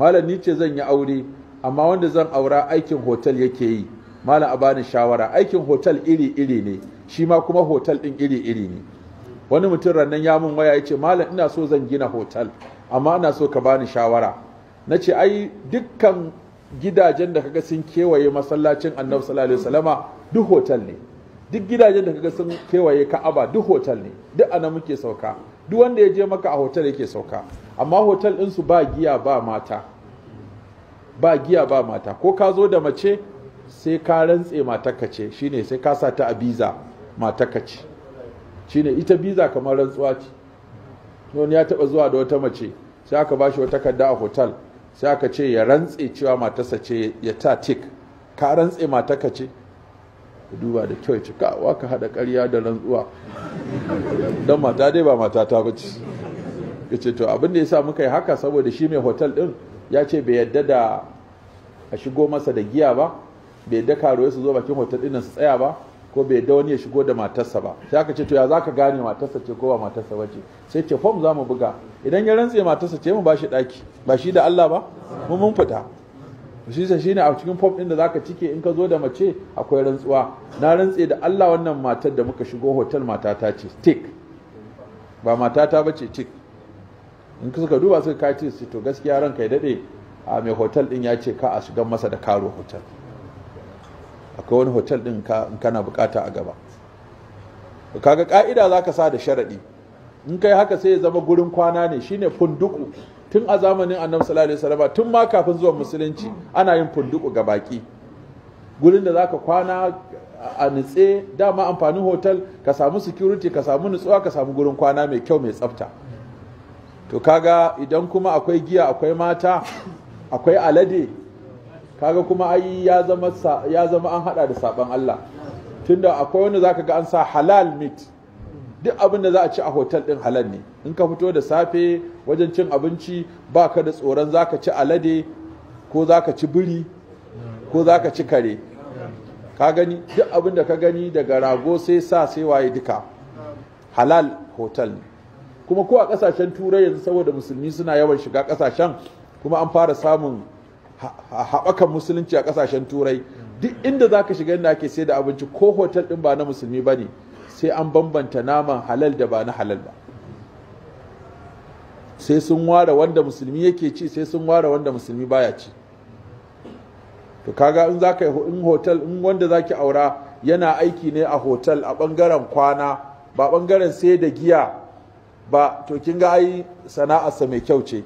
malam ni ce zan yi aure amma wanda zan aura aikin hotel yake yi malam a bani shawara aikin hotel iri iri ne shi ma kuma hotel din iri iri ne wani mutum rannan ya mun waya ya ce malam ina so zan gina hotel amma ina so ka bani shawara na ce ai dukkan gidajen da kaga sun kewaye masallacin annabi sallallahu alaihi wasallama duk hotel ne duk gidajen da kaga sun kewaye ka'aba duk hotel ne duk ana muke sauka duk wanda ya je maka a hotel yake sauka amma hotel ɗinsu ba giya ba mata ba giya ba mata ko ka zo da mace sai ka rantse matarka ce shine sai ka sa ta a biza matarka ce shine ita biza kamar rantsuwa ce wani ya taba zuwa da wata mace sai aka ba shi wata takarda a hotel sai aka ce ya rantse cewa matarsa ce ya ta tik ka rantse matarka ce duba da kyau cika wa ka haɗa karya da rantsuwa don mata dai ba mata ta bace ya ce to abin da ya sa muka yi haka saboda shi mai hotel din ya ce bai yadda da a shigo masa da giya ba bai yadda ya su zo bakin hotel din su tsaya ba ko bai yadda wani ya shigo da matarsa ba sai aka ce to ya zaka gane matarsa ce ko ba matarsa ba ce sai ce fom za mu buga idan ya rantse matarsa ce mu ba shi ɗaki ba shi da Allah ba mu mun fita shi sai shine a cikin fom ɗin da zaka cike in ka zo da mace akwai rantsuwa na rantse da Allah wannan matar da muka shigo hotel matata ce tik ba matata ba ce tik in suka duba suka kace su to gaskiya ranka ya dade a mai hotel din ya ce ka a shigan masa da karo hotel akwai wani hotel din ka in kana bukata a gaba kaga ka'ida za ka sa da sharadi in kai haka sai ya zama gurin kwana ne shine funduku tun a zamanin annabi sallallahu alaihi wasallam tun ma kafin zuwan musulunci ana yin funduku ga baki gurin da zaka kwana a nitse dama amfanin hotel ka samu security ka samu nutsuwa ka samu gurin kwana mai kyau mai tsafta to kaga idan kuma akwai giya akwai mata akwai alade kaga kuma ai ya zama an hada da saban Allah tunda akwai wanda zaka ga an sa halal meat duk abin da za a ci a hotel din halal ne in ka fito da safe wajen cin abinci baka da tsoron zaka ci alade ko zaka ci biri ko zaka ci kare ka gani duk abin da ka gani daga rago sai sa sai waye duka halal hotel ne kuma ko a kasashen turai yanzu saboda musulmi suna yawan shiga kasashen kuma an fara samun haɓakan musulunci a kasashen turai duk inda za ka shiga inda ake sai da abinci ko hotel ɗin ba na musulmi ba ne sai an bambanta naman halal da ba na halal ba sai sun ware wanda musulmi yake ci sai sun ware wanda musulmi baya ci to kaga in zaka in hotel in wanda zaki aura yana aiki ne a hotel a bangaren kwana ba bangaren sai da giya ba to kin ga ai sa mai kyau ce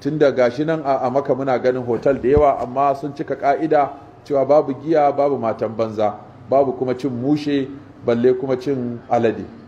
tun da gashi nan a maka muna ganin hotel da yawa amma sun cika ka'ida cewa babu giya babu matan banza babu kuma cin mushe balle kuma cin alade